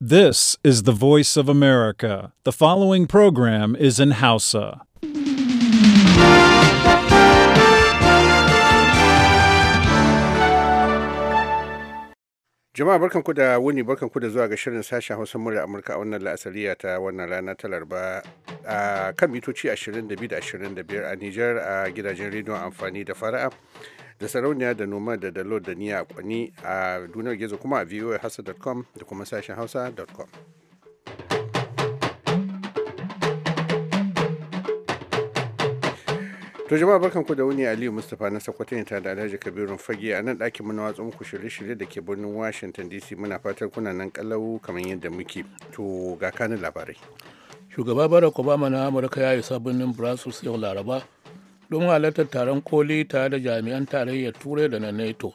This is the voice of America. The following program is in Hausa. Jama'a barkanku da wuni barkanku da zuwa ga shirin sashen Hausa murya Amurka a wannan la'asariya ta wannan rana ta Laraba a kan mitoci 22 da 25 a Nijar a gidajen rediyon amfani da fara'a. da sarauniya da noma da dalo da niya kwani a duniyar gizo kuma a voahausa.com da kuma sashen hausa.com to jama'a barkan ku da wuni aliyu mustapha na sakwatin ta da alhaji kabirun fage a nan ɗakin muna watsa muku shirye-shirye da ke birnin washington dc muna fatar kuna nan kalau kamar yadda muke to ga kanin labarai shugaba barack obama na amurka ya yi sabon birnin brussels yau laraba don halartar taron koli tare da jami'an tarayyar turai da na nato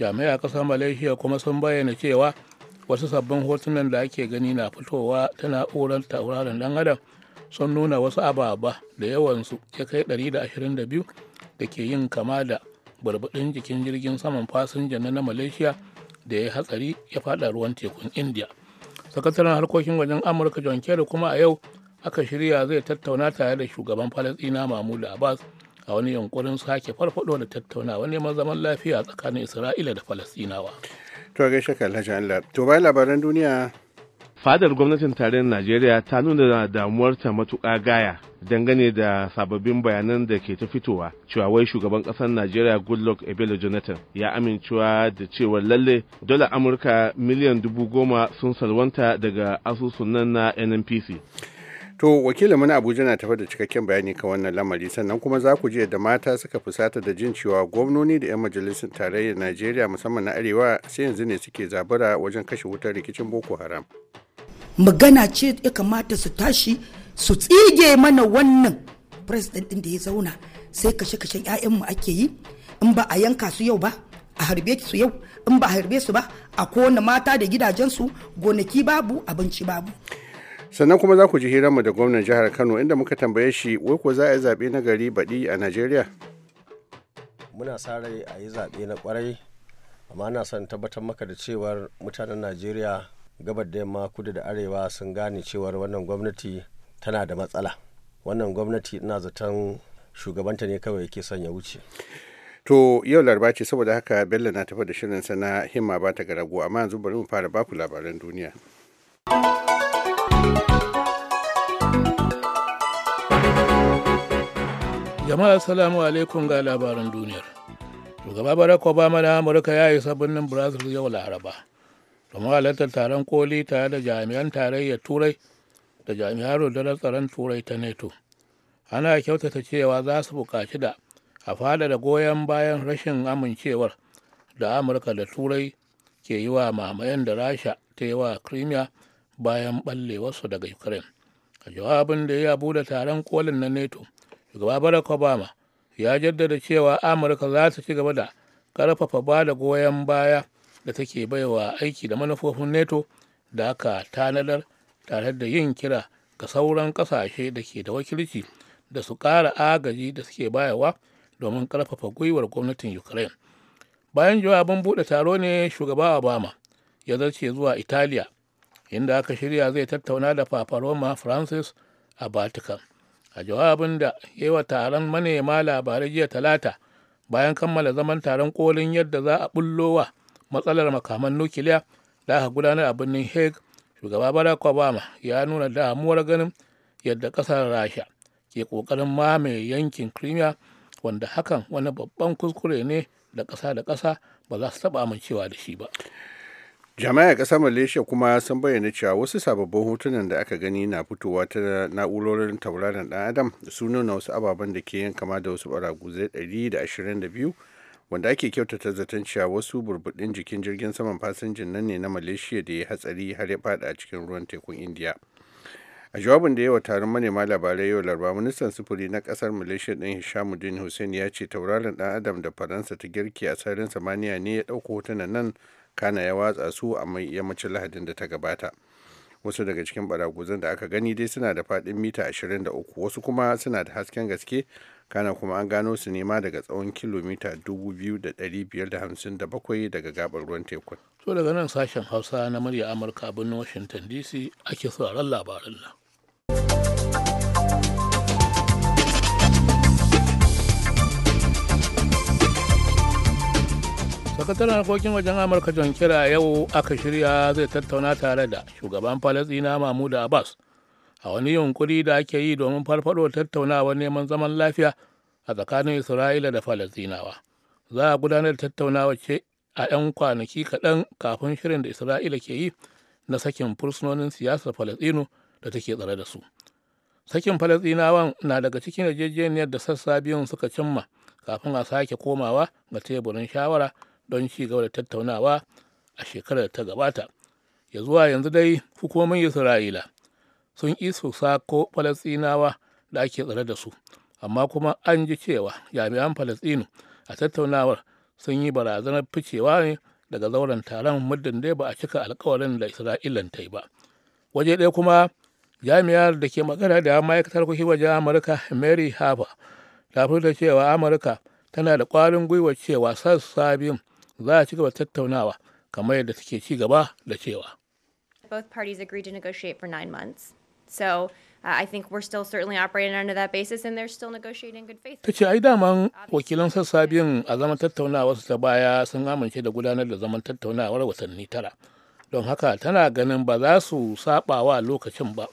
jami'a kasar malaysia kuma sun bayyana cewa wasu sabbin hotunan da ake gani na fitowa ta na'urar tauraron dan adam sun nuna wasu ababa da yawansu ya kai 122 da ke yin kama da barbadin jikin jirgin saman fasinja na malaysia da ya hatsari ya faɗa ruwan tekun india sakataren harkokin wajen amurka john kerry kuma a yau aka shirya zai tattauna tare da shugaban falasɗina mahmud abbas a wani yankurin sake farfado da tattaunawa neman zaman lafiya tsakanin isra'ila da falasɗinawa to ga ka alhaji allah to bayan labaran duniya fadar gwamnatin tarayyar najeriya ta nuna damuwarta matuƙa gaya dangane da sababbin bayanan da ke ta fitowa cewa wai shugaban ƙasar najeriya goodluck ebele jonathan ya amincewa da cewa lalle dola amurka miliyan dubu goma sun salwanta daga asusun nan na nnpc To wakilin na Abuja na tafi da cikakken bayani kan wannan lamari sannan kuma za ku ji da mata suka fusata da jin cewa gwamnoni da 'yan majalisar tarayyar Najeriya musamman na Arewa sai yanzu ne suke zabura wajen kashe wutar rikicin Boko Haram. Magana ce ya kamata su tashi su tsige mana wannan president ɗin da ya zauna sai kashe-kashen mu ake yi in ba a yanka su yau ba a harbe su yau in ba a harbe su ba a kowane mata da gidajensu gonaki babu abinci babu. sannan kuma za ku ji hiranmu da gwamnan jihar kano inda muka tambaye shi wai ko za a yi zaɓe na gari baɗi a najeriya muna sa rai a yi zaɓe na kwarai amma ana son tabbatar maka da cewar mutanen najeriya gabar da yamma kudu da arewa sun gane cewar wannan gwamnati tana da matsala wannan gwamnati ina zaton shugabanta ne kawai yake son ya wuce to yau laraba ce saboda haka bello na tafi da shirin sana himma ba ta garago amma yanzu bari mu fara baku labaran duniya jama'a salamu alaikum ga labaran duniyar shugaba barack obama na amurka ya yi birnin brazil yau laraba domin halartar taron koli tare da jami'an tarayyar turai da jami'an rundunar tsaron turai ta neto ana kyautata cewa za su buƙaci da a fada da goyon bayan rashin amincewar da amurka da turai ke yi wa mamayen da rasha ta yi wa crimea bayan ɓallewarsu daga ukraine a jawabin da ya bude taron kolin na neto shugaba barack obama ya jaddada cewa amurka za ta ci gaba da karfafa ba da goyon baya da take baiwa aiki da manufofin neto da aka tanadar tare da yin kira ga sauran kasashe da ke da wakilci da su kara agaji da suke bayawa domin karfafa gwiwar gwamnatin ukraine bayan jawabin bude taro ne shugaba obama ya zarce zuwa italiya inda aka shirya zai tattauna da papa roma francis a vatican a jawabin da yi wa taron manema labarai jiya talata bayan kammala zaman taron kolin yadda za a wa matsalar makaman nukiliya da aka gudanar a birnin hague shugaba barack obama ya nuna damuwar ganin yadda kasar rasha ke kokarin mamaye yankin crimea wanda hakan wani babban kuskure ne da kasa da kasa ba za su taɓa amincewa da shi ba jama'a ƙasar malaysia kuma sun bayyana cewa wasu sababbin hotunan da aka gani na fitowa ta na'urorin tauraron dan adam su nuna wasu ababen da ke yin kama da wasu baraguzai 122 wanda ake kyautata zaton cewa wasu burbuɗin jikin jirgin saman fasinjin nan ne na malaysia da ya hatsari har ya fada a cikin ruwan tekun india a jawabin da wa taron manema labarai yau laraba ministan sufuri na kasar malaysia din hishamuddin hussein ya ce tauraron dan adam da faransa ta girki a sararin samaniya ne ya ɗauko hotunan nan kana ya watsa su a mai yammacin lahadin da ta gabata wasu daga cikin baraguzan da aka gani dai suna da fadin mita 23 wasu kuma suna da hasken gaske kana kuma an gano su nema daga tsawon kilomita 2,557 daga gabar ruwan tekun. so daga nan sashen hausa na murya amurka a birnin washington dc ake sauraron labaran nan. sakataren harkokin wajen amurka john kira yau aka shirya zai tattauna tare da shugaban falasina mahmud abbas a wani yunkuri da ake yi domin farfado tattaunawa neman zaman lafiya a tsakanin isra'ila da falasinawa za a gudanar da tattaunawa ce a 'yan kwanaki kaɗan kafin shirin da isra'ila ke yi na sakin fursunonin siyasar falasinu da take tsare da su sakin falasinawan na daga cikin yarjejeniyar da sassa biyun suka cimma kafin a sake komawa ga teburin shawara don ci gaba da tattaunawa a shekarar da ta gabata ya zuwa yanzu dai hukumomin isra'ila sun iso sako falasinawa da ake tsare da su amma kuma an ji cewa jami'an falasinu a tattaunawar sun yi barazanar ficewa ne daga zauren taron muddin dai ba a cika alkawarin da isra'ilan ta yi ba waje ɗaya kuma jami'ar da ke magana da ma'aikatar kuki wajen amurka mary harper ta furta cewa amurka tana da ƙwarin gwiwa cewa sassa biyun za a ci gaba tattaunawa kamar yadda take ci gaba da cewa. Both parties agreed to negotiate for nine months. So uh, I think we're still certainly operating under that basis and they're still negotiating good faith. Tace ai daman wakilan sassa biyun a zaman tattaunawar su ta baya sun amince da gudanar da zaman tattaunawar watanni tara. Don haka tana ganin ba za su saba wa lokacin ba.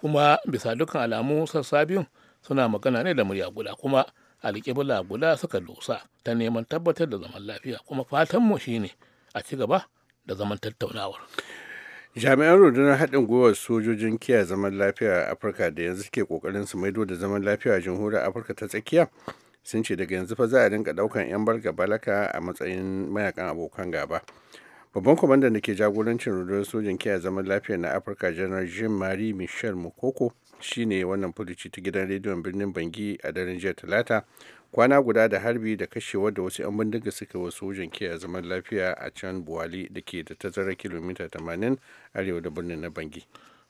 Kuma bisa dukkan alamu sassa biyun suna magana ne da murya guda kuma alƙibla guda suka dosa ta neman tabbatar da zaman lafiya kuma fatanmu shine a ci gaba da zaman tattaunawar. jami'an rundunar haɗin gwiwar sojojin kiyaye zaman lafiya a afirka da yanzu ke kokarin su maido da zaman lafiya a jamhuriyar afirka ta tsakiya sun ce daga yanzu fa za a dinga ɗaukan 'yan barga balaka a matsayin mayakan abokan gaba babban kwamandan da ke jagorancin rundunar sojin kiyaye zaman lafiya na afirka janar jim marie michel mukoko shine wannan furuci ta gidan rediyon birnin bangi a daren jiya talata kwana guda da harbi da kashewar da wasu 'yan bindiga suka wasu wajen kiyaye zaman lafiya a can buwali da ke da tazara kilomita 80 arewa da birnin na bangi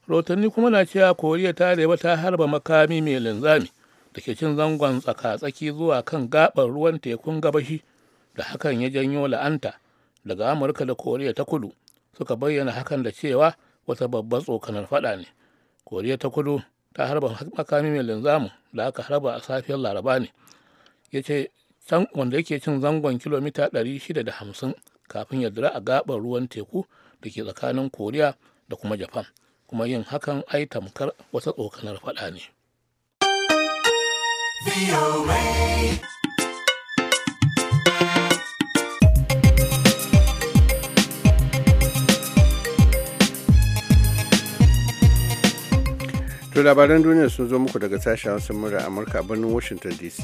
rahotanni kuma na cewa koriya ta arewa ta harba makami mai linzami da ke cin zangon tsaka-tsaki zuwa kan gabar ruwan tekun gabashi da hakan ya janyo la'anta daga amurka da koriya ta kudu suka bayyana hakan da cewa wata babbar tsokanar fada ne koriya ta kudu ta harba makami mai linzamin da aka harba a safiyar laraba ne ya ce wanda yake cin zangon kilomita 650 kafin ya dira a gabar ruwan teku da ke tsakanin koriya da kuma japan kuma yin hakan ai tamkar wata tsokanar fada ne To labaran duniya sun zo muku daga sashen Hausa murya Amurka a birnin Washington DC.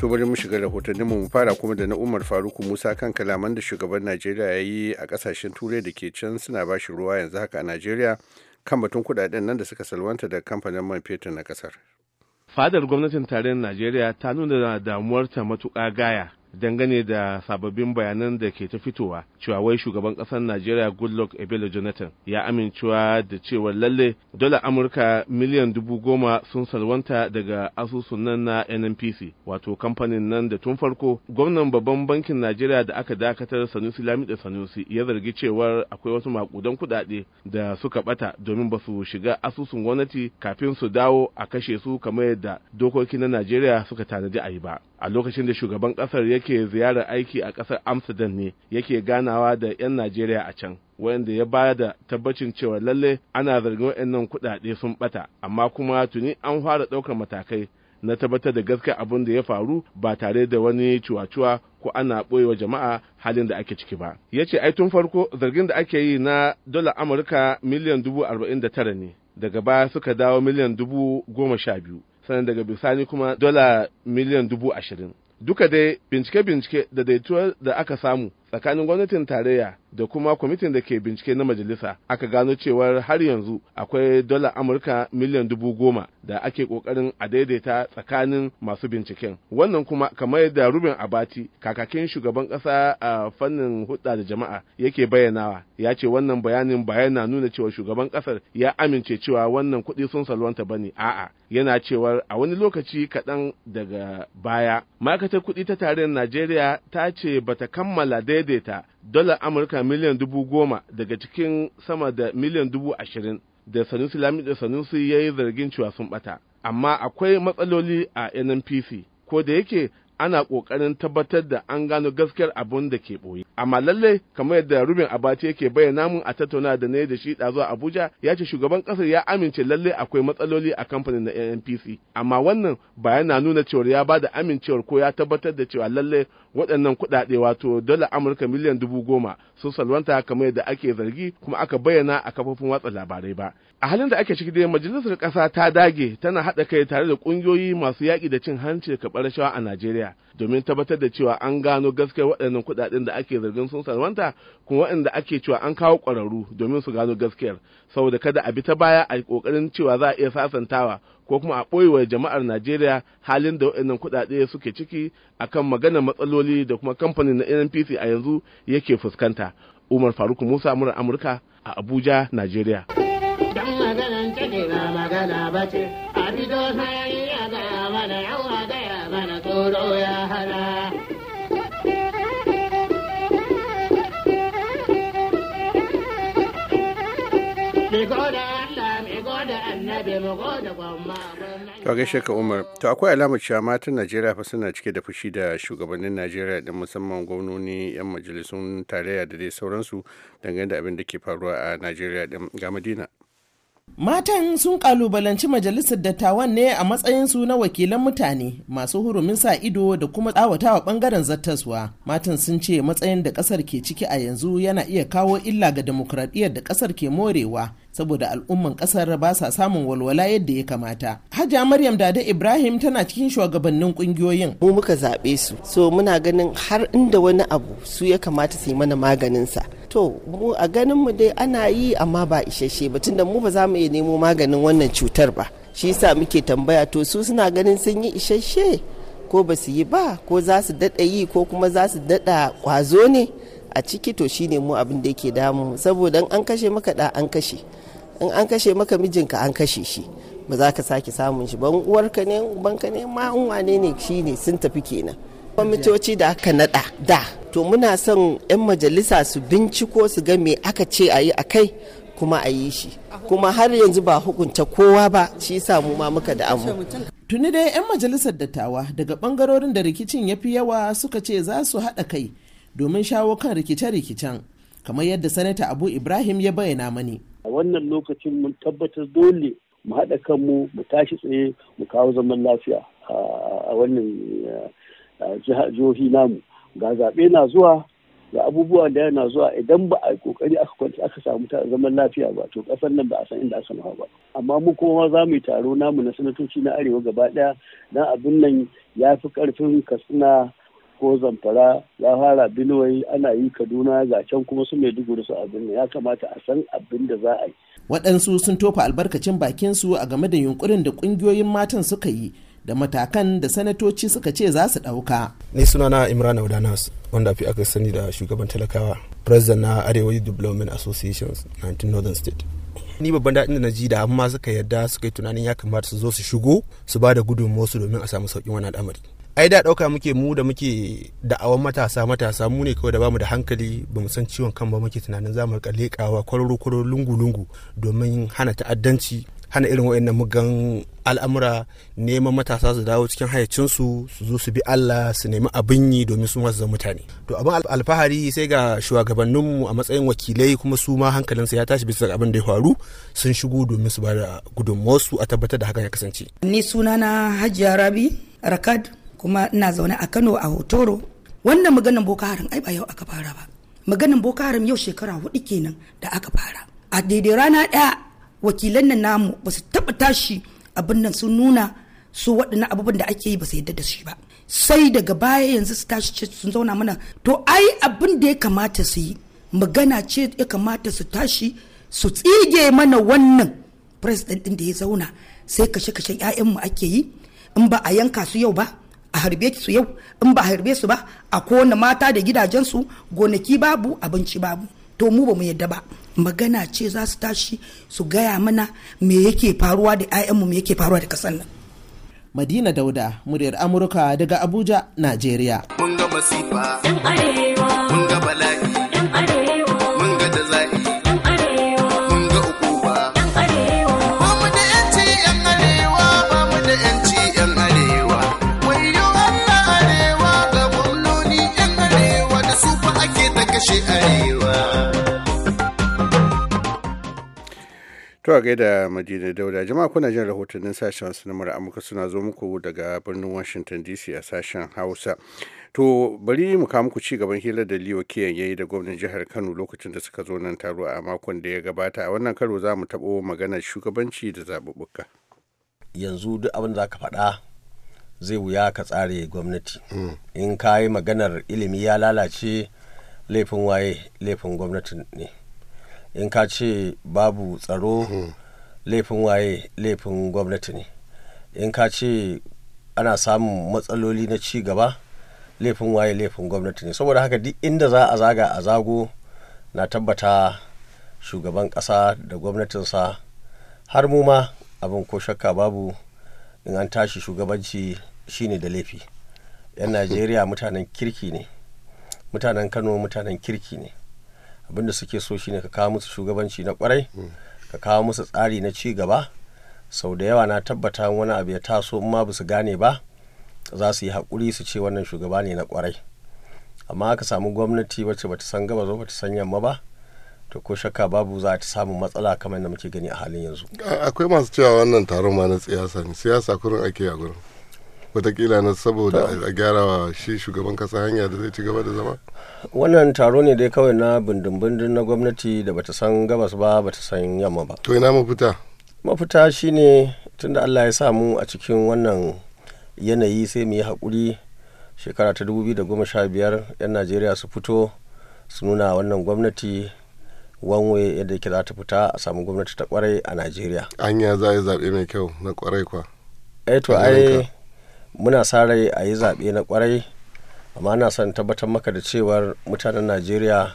to bari mu shiga rahotannin mu fara kuma da na Umar Faruku Musa kan kalaman da shugaban Najeriya ya yi a kasashen turai da ke can suna ba shi ruwa yanzu haka a Najeriya kan batun kuɗaɗen nan da suka salwanta da kamfanin man fetur na kasar. Fadar gwamnatin tarayyar Najeriya ta nuna damuwarta matuƙa gaya dangane da sababbin bayanan da ke ta fitowa cewa wai shugaban ƙasar najeriya goodluck ebele jonathan ya amincewa da cewa lalle dola amurka miliyan dubu goma sun salwanta daga asusun nan na nnpc wato kamfanin nan da tun farko gwamnan babban bankin najeriya da aka dakatar sanusi da sanusi ya zargi cewar akwai wasu makudan kuɗaɗe da suka bata domin ba su shiga asusun gwamnati kafin su dawo a kashe su kamar yadda dokoki na najeriya suka tanadi a yi ba a lokacin da shugaban kasar yake ziyarar aiki a kasar amsterdam ne yake ganawa da 'yan najeriya a can wanda ya bayar da tabbacin cewa lalle ana zargin waɗannan kuɗaɗe sun ɓata amma kuma tuni an fara ɗaukar matakai na tabbatar da gaskiya abin da ya faru ba tare da wani cuwa-cuwa ko ana ɓoyewa jama'a halin da ake ciki ba ya ce ai tun farko zargin da ake yi na dola amurka miliyan dubu arba'in da tara ne daga baya suka dawo miliyan dubu goma sha biyu sannan daga bisani kuma dola miliyan dubu ashirin duka dai bincike-bincike da daituwar da aka samu tsakanin gwamnatin tarayya da kuma kwamitin da ke bincike na majalisa aka gano cewar har yanzu akwai dola amurka miliyan dubu goma da ake kokarin a daidaita tsakanin masu binciken wannan kuma kamar yadda rubin abati kakakin shugaban kasa a fannin hudda da jama'a yake bayyanawa ya ce wannan bayanin bayana nuna cewa shugaban kasar ya amince cewa wannan kuɗi sun salwanta ne a'a yana cewar a wani lokaci kaɗan daga baya ma'aikatar kuɗi ta tarayyar najeriya ta ce bata kammala daidai daidaita dalar amurka miliyan dubu goma daga cikin sama da miliyan dubu ashirin da sanusi da sanusi ya yi zargin cewa sun bata amma akwai matsaloli a nnpc ko da yake ana ƙoƙarin tabbatar da an gano gaskiyar abin da ke ɓoye. Amma lallai kamar yadda rubin Abati yake bayyana mun a tattauna da ne da shi zuwa Abuja ya ce shugaban ƙasar ya amince lallai akwai matsaloli a kamfanin na NNPC. Amma wannan ba yana nuna cewa ya ba da amincewar ko ya tabbatar da cewa lallai waɗannan kuɗaɗe wato dala Amurka miliyan dubu goma sun salwanta kamar yadda ake zargi kuma aka bayyana a kafofin watsa labarai ba. A halin da ake ciki dai majalisar ƙasa ta dage tana haɗa kai tare da ƙungiyoyi masu yaƙi da cin hanci da karɓar rashawa a Najeriya. Najeriya domin tabbatar da cewa an gano gaskiyar waɗannan kuɗaɗen da ake zargin sun salwanta kuma waɗanda ake cewa an kawo ƙwararru domin su gano gaskiyar saboda kada a bi ta baya a ƙoƙarin cewa za a iya sasantawa ko kuma a ɓoyewa jama'ar Najeriya halin da waɗannan kuɗaɗe suke ciki akan magana matsaloli da kuma kamfanin na NNPC a yanzu yake fuskanta. Umar Faruk Musa murar Amurka a Abuja, Najeriya. Dan magana ne ba magana ba ce, a to gaishe ka umar to akwai alamar cewa matan najeriya fa suna cike da fushi da shugabannin najeriya din musamman gwamnoni yan majalisun tarayya da dai sauransu dangane da abin da ke faruwa a najeriya din ga madina Matan sun kalubalanci majalisar dattawan ne a matsayinsu na wakilan mutane masu hurumin sa ido da kuma tsawatawa bangaren zattaswa. Matan sun ce matsayin da kasar ke ciki a yanzu yana iya kawo illa ga demokradiyyar da kasar ke morewa saboda al'umman kasar ba sa samun walwala yadda ya kamata. Hajiya Maryam Dada Ibrahim tana cikin shugabannin kungiyoyin. Mu muka zaɓe su, so muna ganin har inda wani abu su ya kamata su yi mana maganin sa. to mu a ganin mu dai ana yi amma ba isasshe ba tunda mu ba za mu iya nemo maganin wannan cutar ba shi yasa muke tambaya to su suna ganin sun yi isasshe ko ba su yi ba ko za su daɗa yi ko kuma za su daɗa kwazo ne a ciki to shine mu abin da yake damu saboda an kashe maka da an kashe in an kashe maka mijinka an kashe shi ba za ka sake samun shi ban uwarka ne banka ne ma wane ne shine sun tafi kenan kwamitoci da aka nada da to muna son 'yan majalisa su binciko su ga me aka ce a yi a kai kuma a yi shi kuma har yanzu ba hukunta kowa ba shi sa mu ma muka da amu tuni dai 'yan majalisar dattawa daga bangarorin da rikicin ya fi yawa suka ce za su haɗa kai domin shawo kan rikice-rikicen kamar yadda sanata abu ibrahim ya bayyana mani a wannan lokacin mun tabbatar dole mu haɗa kanmu mu tashi tsaye mu kawo zaman lafiya a wannan jihohi namu ga zaɓe na zuwa ga abubuwa da yana zuwa idan ba a yi kokari aka kwanci aka samu zaman lafiya ba to kasar nan ba a san inda aka nufa ba amma mu kuma za mu yi taro namu na sanatoci na arewa gaba ɗaya dan abin nan ya fi karfin katsina ko zamfara ya fara binuwai ana yi kaduna ga can kuma su maiduguri su abin nan ya kamata a san abin da za a yi waɗansu sun tofa albarkacin bakin su a game da yunkurin da ƙungiyoyin matan suka yi da matakan da sanatoci suka ce za su ɗauka. Ni sunana Imran Audanas wanda fi aka sani da shugaban talakawa, president na Arewa Development Associations 19 Northern State. Ni babban daɗin da na ji da amma suka yarda suka yi tunanin ya kamata su zo su shigo su ba da su domin a samu sauƙin wani al'amari. ai da ɗauka muke mu da muke da'awan matasa matasa mu ne kawai da bamu da hankali ba mu san ciwon kan ba muke tunanin zamu rika leƙawa kwaroro kwararo lungu lungu domin hana ta'addanci hana irin wa'annan mugan al'amura neman matasa su dawo cikin hayacinsu su zo su bi Allah su nemi abin yi domin su wasu mutane to abin alfahari sai ga shugabanninmu a matsayin wakilai kuma su ma hankalinsu ya tashi bisa abin da ya faru sun shigo domin su bada da su a tabbatar da hakan ya kasance ni suna na hajiya rabi rakad kuma ina zaune a kano a hotoro wannan maganin boko haram ai ba yau aka fara ba maganin boko haram yau shekara hudu kenan da aka fara a daidai rana daya wakilan nan namu ba su taɓa tashi abin nan sun nuna su waɗannan abubuwan da ake yi ba su yadda da shi ba sai daga baya yanzu su tashi ce sun zauna mana to ai abin da ya kamata su yi magana ce ya kamata su tashi su tsige mana wannan president ɗin da ya zauna sai kashe-kashen mu ake yi in ba a yanka su yau ba a harbe su yau in ba a harbe su ba a kona mata da gidajensu gonaki babu abinci babu to mu ba mu yadda ba magana ce za su tashi su gaya mana me yake faruwa da ayyanmu me yake faruwa da kasan nan madina dauda muryar amurka daga abuja najeriya mun ga masifa To a da Madina Dauda, jama'a kuna jin rahotannin sashen wasu na Amurka suna zo muku daga birnin Washington DC a sashen Hausa. To bari mu kawo muku ci gaban hilar da Liyo Kiyan yayi da gwamnan jihar Kano lokacin da suka zo nan taro a makon da ya gabata. A wannan karo za mu taɓo magana shugabanci da zaɓuɓɓuka. Yanzu duk abin da za ka faɗa zai wuya ka tsare gwamnati. Mm. In ka yi maganar ilimi ya lalace laifin waye laifin gwamnatin ne. in ka ce babu tsaro hmm. laifin waye laifin gwamnati ne in ka ce ana samun matsaloli na ci gaba laifin waye laifin gwamnati ne saboda haka duk inda za a zaga a zago na tabbata shugaban ƙasa da gwamnatinsa har mu ma abin ko shakka babu in an tashi shugabanci shine da laifi 'yan najeriya mutanen kirki ne mutanen kano mutanen kirki ne abin da suke so shine ka kawo musu shugabanci na kwarai mm. ka kawo musu tsari na ci gaba sau da yawa na tabbata wani abu ya taso ma ba su gane ba za su yi haƙuri su ce wannan shugaba ne na kwarai amma aka samu gwamnati wacce bata san gaba zo bata san yamma ba to ko shakka babu za ta samu matsala kamar da muke gani a halin yanzu akwai masu cewa wannan taron ma na siyasa ne siyasa kurin ake a gurin watakila na saboda a gyara shi shugaban kasa hanya da zai ci gaba da zama wannan taro ne dai kawai na bindin-bindin na gwamnati da bata san gabas ba bata san yamma ba to ina mafita mafita shine tunda allah ya samu a cikin wannan yanayi sai mu yi haƙuri shekara ta 2015 'yan najeriya su fito su nuna wannan gwamnati wanwe yadda ke za ta fita a samu gwamnati ta kwarai a najeriya anya za a yi zaɓe mai kyau na kwarai kwa eh to ai muna sa rai a yi zaɓe na kwarai amma na son tabbatar maka da cewar mutanen najeriya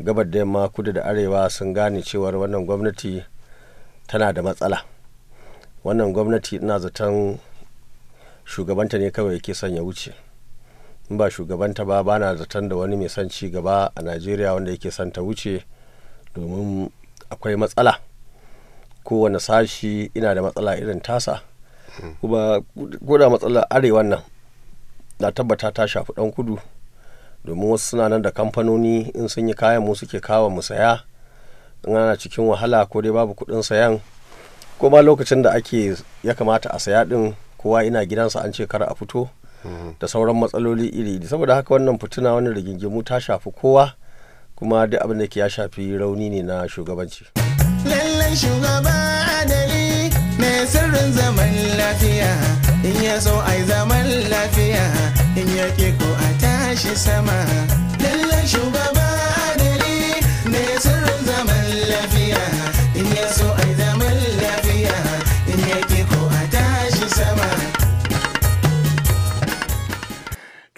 gabar da yamma kudu da arewa sun gane cewar wannan gwamnati tana da matsala wannan gwamnati ina zaton shugabanta ne kawai yake son ya wuce in ba shugabanta ba ba na zaton da wani mai son ci gaba a najeriya wanda yake son ta wuce domin akwai matsala kowane sashi ina da matsala irin tasa kuma koda matsalar arewa nan na tabbata ta shafi dan kudu domin wasu suna nan da kamfanoni in sun yi kayan mu suke kawo mu saya in ana cikin wahala ko dai babu kudin sayan ko ma lokacin da ake ya kamata a saya din kowa ina gidansa an ce kar a fito mm-hmm. da sauran matsaloli iri saboda haka wannan fituna wannan rigingimu ta shafi kowa kuma duk abin da ke ya shafi rauni ne na shugabanci. Lallai shugaba adali mai sirrin zaman in ya so ai zaman lafiya in ya ko a tashi sama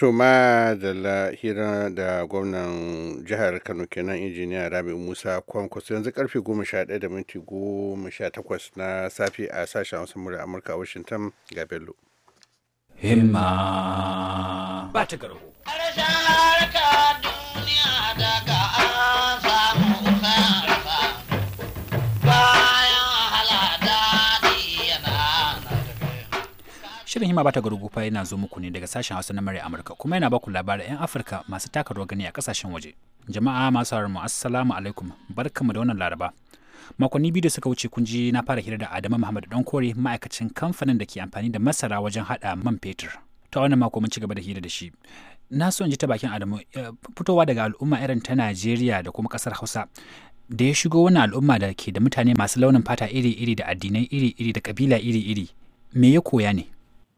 To ma da hira da gwamnan jihar Kano kenan injiniya Rabi Musa Kwankwaso yanzu karfe 11 da minti takwas na safi a sashen wasu murya Amurka a Washington ga Bello. Himma ba ta garo. hima bata garugu fa yana zo muku ne daga sashen Hausa na Murya Amurka kuma yana baku labarin 'yan Afirka masu taka rawar gani a kasashen waje. Jama'a masu mu assalamu alaikum barkamu da wannan laraba. Makonni biyu da suka wuce kun ji na fara hira da Adamu Muhammad kore ma'aikacin kamfanin da ke amfani da masara wajen hada man fetur. Ta wannan mako mun ci gaba da hira da shi. Na so in ji ta bakin Adamu eh, fitowa daga al'umma irin ta Najeriya da kuma kasar Hausa. da ya shigo wani al'umma da ke da mutane masu launin fata iri-iri da addinai iri-iri da kabila iri-iri me ya koya ne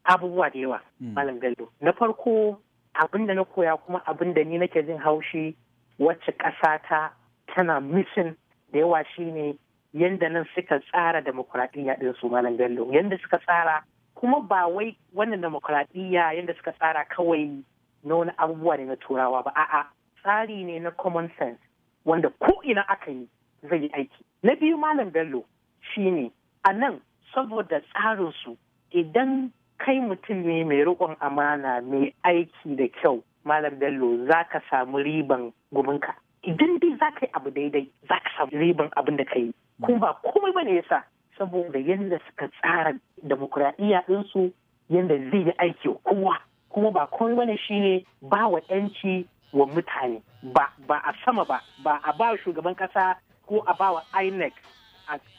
abubuwa da yawa hmm. malam gallo na farko abin da na koya kuma abin da ni nake jin haushi wacce ƙasa ta tana mishin da yawa shine yadda nan suka tsara demokuraɗiyya ɗin su malam gallo yadda suka tsara kuma ba wai wannan demokuraɗiyya yadda suka tsara kawai na wani abubuwa ne na turawa ba a'a tsari ne na common sense wanda ko ina aka yi zai yi aiki na biyu malam gallo shine a nan saboda tsarinsu idan kai mutum ne mai riƙon amana mai aiki da kyau malam bello za ka samu riban guminka idan dai za ka yi abu daidai za ka samu riban abin da ka yi kuma ba komai ne yasa saboda yadda suka tsara demokuraɗiyya ɗinsu yadda zai yi aiki wa kowa kuma ba komai shi shine ba wa 'yanci wa mutane ba ba a sama ba ba a ba shugaban kasa ko a ba wa inec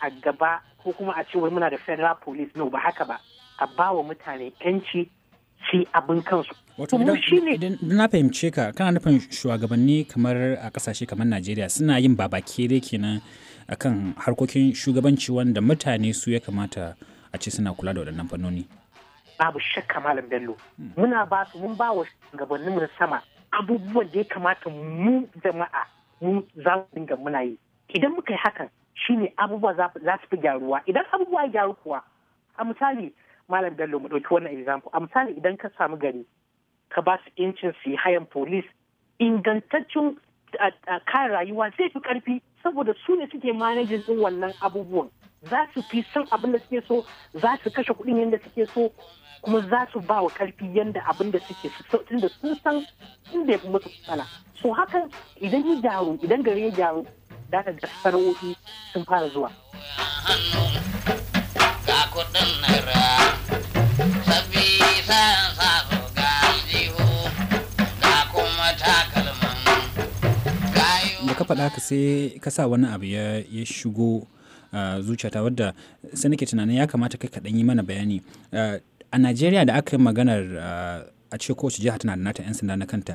a gaba ko kuma a ce wai muna da federal police no ba haka ba a ba wa mutane yanci ci abin kansu wato idan na fahimce ka kana nufin shugabanni kamar a kasashe kamar Najeriya suna yin babake dai kenan akan harkokin shugabanci wanda mutane su ya kamata a ce suna kula da waɗannan fannoni babu shakka malam bello hmm. muna ba su mun ba wa shugabannin mun sama abubuwan da ya kamata mu jama'a mu za mu dinga muna yi idan muka yi hakan shine abubuwa za su fi gyaruwa idan abubuwa ya gyaru kuwa a misali malam bello mu ɗauki wannan example a misali idan ka samu gari ka ba su incin su yi hayan police ingantaccen kayan rayuwa zai fi karfi saboda su ne suke manajin din wannan abubuwan za su fi san abin da suke so za su kashe kuɗin yadda suke so kuma za su ba wa karfi yadda abin da suke so tunda sun san inda ya fi musu matsala so hakan idan ya gyaru idan gari ya gyaru dana da sana'o'i sun fara zuwa. da ka faɗa ka sai ka sa wani abu ya shigo zuciyata wadda sai nake tunanin ya kamata kai kaɗan yi mana bayani a najeriya da aka yi maganar a ce kowace jiha tana da nata 'yan sanda na kanta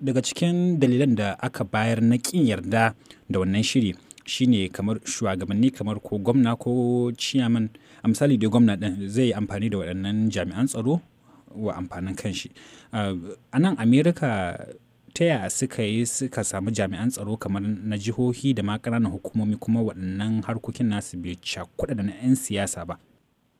daga cikin dalilan da aka bayar na ƙin yarda da wannan shiri shine kamar shugabanni kamar ko gwamna ko ciyaman a misali da gwamna ɗin zai yi amfani da waɗannan jami'an tsaro wa amfanin kanshi a nan amerika ta yaya suka yi suka samu jami'an tsaro kamar na jihohi da ma ƙananan hukumomi kuma waɗannan harkokin nasu bai cakuɗa da na 'yan siyasa ba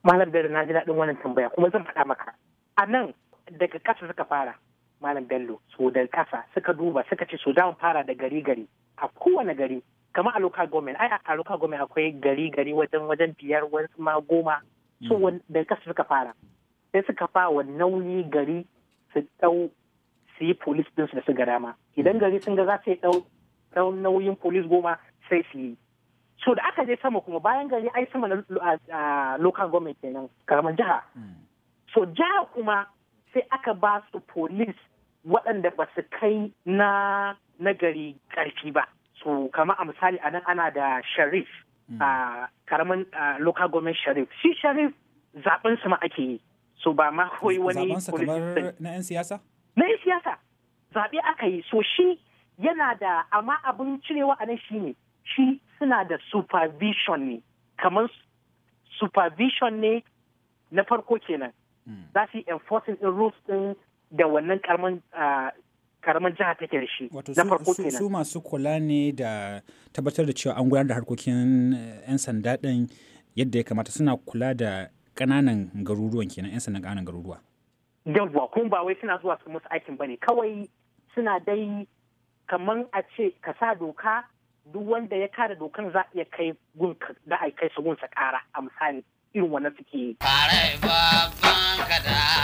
malar da na ji daɗin wannan tambaya kuma zan faɗa maka a nan daga ƙasa suka fara malam bello su da kasa suka duba suka ce su mu fara da gari gari a kowane gari kamar a local government ai a local government akwai gari gari wajen wajen biyar wasu ma goma so mm. da kasa suka fara sai suka fa wa nauyi gari su dau su yi police din su da su dama idan mm. gari sun ga za su dau dau nauyin police goma sai su yi so da aka je sama kuma bayan gari ai sama na local government kenan karamar jiha mm. so jiha kuma sai aka ba su police waɗanda ba su kai na nagari ƙarfi ba so kama a misali a nan ana da sharif hmm. a karamin local government sharif shi sharif zaɓen su ma ake yi so ba ma koyi wani kamar na 'yan siyasa na 'yan siyasa zaɓe aka yi so shi yana da amma abin cirewa a nan shi ne shi suna da supervision ne kamar supervision ne na farko kenan hmm. za su yi enforcing in rules din da wannan karamin jihar jiha take da shi na farko kenan su masu kula ne da tabbatar da cewa an gudanar da harkokin eh, yan sanda din yadda ya kamata suna kula da kananan garuruwan kenan yan sandan kananan garuruwa yawwa kun ba wai suna zuwa su musu aikin ba ne kawai suna dai kaman a ce ka sa doka duk wanda ya kare dokan za iya kai gun da a kai su gunsa kara a misali irin wannan suke yi. Farai babban kada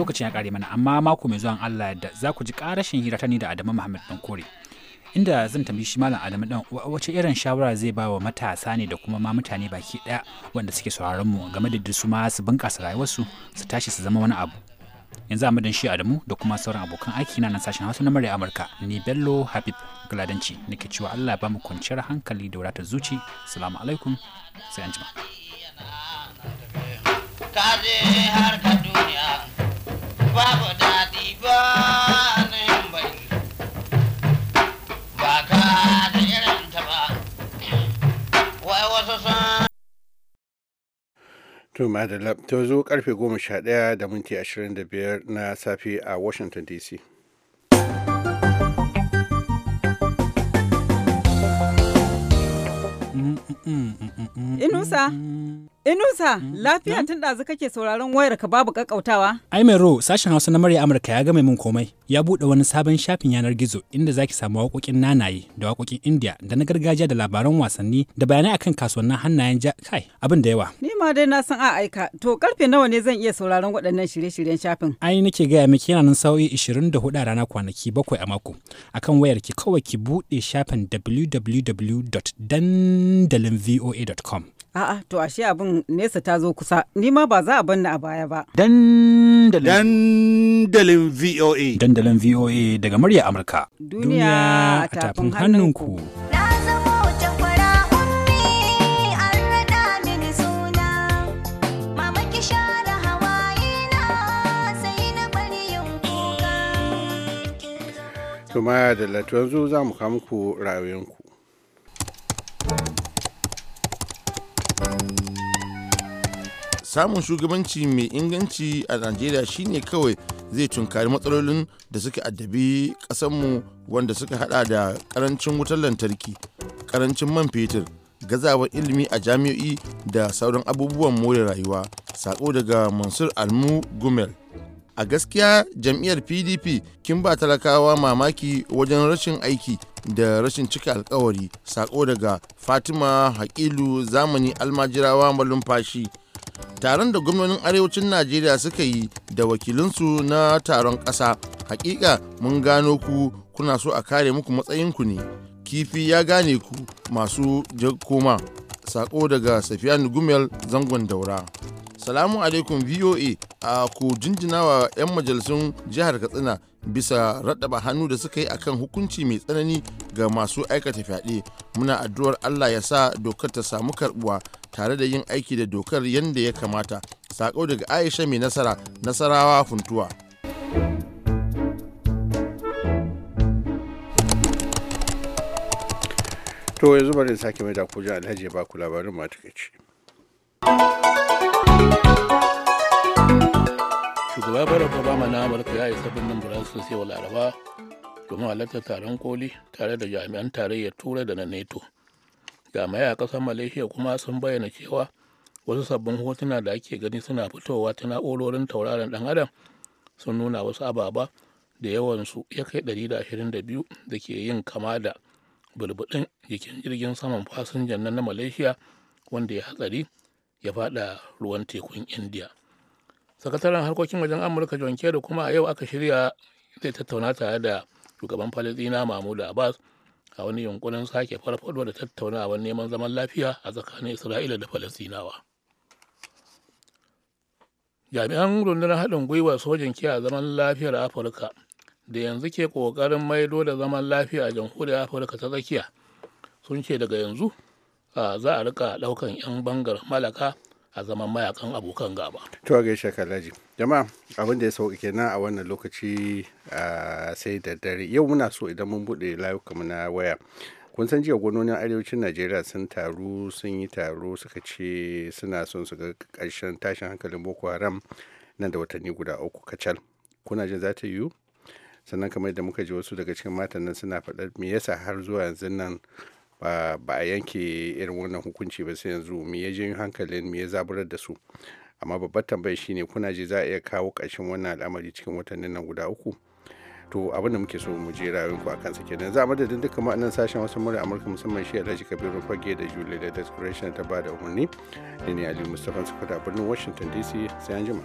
lokacin ya kare mana amma mako mai zuwan Allah yadda za ku ji karashin hira ta ni da Adamu Muhammad dan kore inda zan tambayi shi malam Adamu dan wace irin shawara zai ba wa matasa ne da kuma ma mutane baki daya wanda suke sauraron mu game da su ma su bunkasa rayuwarsu su tashi su zama wani abu yanzu a madan shi Adamu da kuma sauran abokan aiki na nan sashen Hausa na murya Amurka ni Bello Habib Gladanci nake cewa Allah ba mu kwanciyar hankali da wadatar zuci assalamu alaikum sai anjima ka har ka babu daɗi ba na yin ba ka da irin ta ba wai wasu sha to madalla ta zo karfe 11 da minti 25 na safe a washington dc Inusa. Inusa, mm, mm. lafiya tun ɗazu kake sauraron wayar ka babu kakautawa. Ai mai ro, sashen Hausa na murya Amurka ya gama min komai. Ya buɗe wani sabon shafin yanar gizo inda zaki samu waƙoƙin nanaye da waƙoƙin India da na gargajiya da labaran wasanni da bayanai akan kasuwannin hannayen ja kai abin da yawa. Ni ma dai na san a aika. To karfe nawa ne zan iya sauraron waɗannan shirye-shiryen shafin? Ai nake gaya miki yana nan sa'o'i 24 a rana kwanaki bakwai a mako. Akan wayar ki kawai ki buɗe shafin www.dandalinvoa.com. A'a to ashe abin nesa ta zo kusa ni ma ba za a banna a baya ba. Dandalin Dandalin VOA Dandalin VOA daga murya Amurka. Duniya a tafin hannunku. Tuma da latuwan zuwa za mu kawo muku rayuwanku. samun shugabanci mai inganci a najeriya shine kawai zai tunkari matsalolin da suka addabi kasanmu wanda suka hada da ƙarancin wutar lantarki ƙarancin man fetur gazawar ilimi a jami'o'i da sauran abubuwan more rayuwa sako daga mansur almu gumel a gaskiya jam'iyyar pdp kin ba talakawa mamaki wajen rashin aiki da rashin cika alkawari sako daga fatima hakilu zamani almajirawa malumfashi taron da gwamnonin arewacin najeriya suka yi da wakilinsu na taron ƙasa hakika mun gano ku kuna so a kare muku matsayinku ne kifi ya gane ku masu jakoma sako daga safiyan gumel zangon daura salamu alaikum voa a ku jinjina wa 'yan majalisun jihar katsina bisa raɗaba hannu da suka yi akan hukunci mai tsanani ga masu aikata fyaɗe muna addu'ar allah ya sa dokar ta samu karbuwa tare da yin aiki da dokar yadda ya kamata saƙo daga aisha mai nasara nasarawa funtuwa to yanzu bari sake mai da ku alhaji ba ku labarin matakaici ya barack obama na amurka ya isa birnin brussels wala laraba domin halartar taron koli tare da jami'an tarayyar turai da na neto jami'ai a ƙasar malaysia kuma sun bayyana cewa wasu sabbin hotuna da ake gani suna fitowa ta na'urorin tauraron dan adam sun nuna wasu ababa da yawansu ya kai 122 da ke yin kama da bulbudin jikin jirgin saman fasinjan na malaysia wanda ya hatsari ya fada ruwan tekun india sakataren harkokin wajen amurka john kerry kuma a yau aka shirya zai tattauna tare da shugaban falastina mahmud abbas a wani yunkurin sake farfado da tattaunawar neman zaman lafiya a tsakanin isra'ila da falastinawa jami'an rundunar haɗin sojin sojan kiya zaman lafiyar afirka da yanzu ke ƙoƙarin maido da zaman lafiya a jamhuriyar afirka ta tsakiya sun ce daga yanzu za a rika ɗaukan 'yan bangar malaka a zaman mayakan abokan gaba. To a gaishe Kalaji. dama abin da ya sauka kenan a wannan lokaci sai da dare. Yau muna so idan mun buɗe layukanmu na waya. kun san jiya gwanonin arewacin najeriya sun taru sun yi taro suka ce suna son su ga ƙarshen tashin hankalin boko haram nan da watanni guda uku kacal kuna jin za ta yiwu sannan kamar da muka ji wasu daga cikin matan nan suna faɗa me yasa har zuwa yanzu nan ba a yanke irin wannan hukunci ba sai yanzu me ya janyo hankalin me ya zaburar da su amma babbar tambayar shine kuna je za a iya kawo ƙarshen wannan al'amari cikin watannin nan guda uku to abin da muke so mu je rayuwar ku akan sake kenan za madadin duka ma'anan sashen wasu murya amurka musamman shi alhaji kabiru fage da julie da desperation ta da umarni ne ne aliyu mustapha sukuta birnin washington dc sai an jima.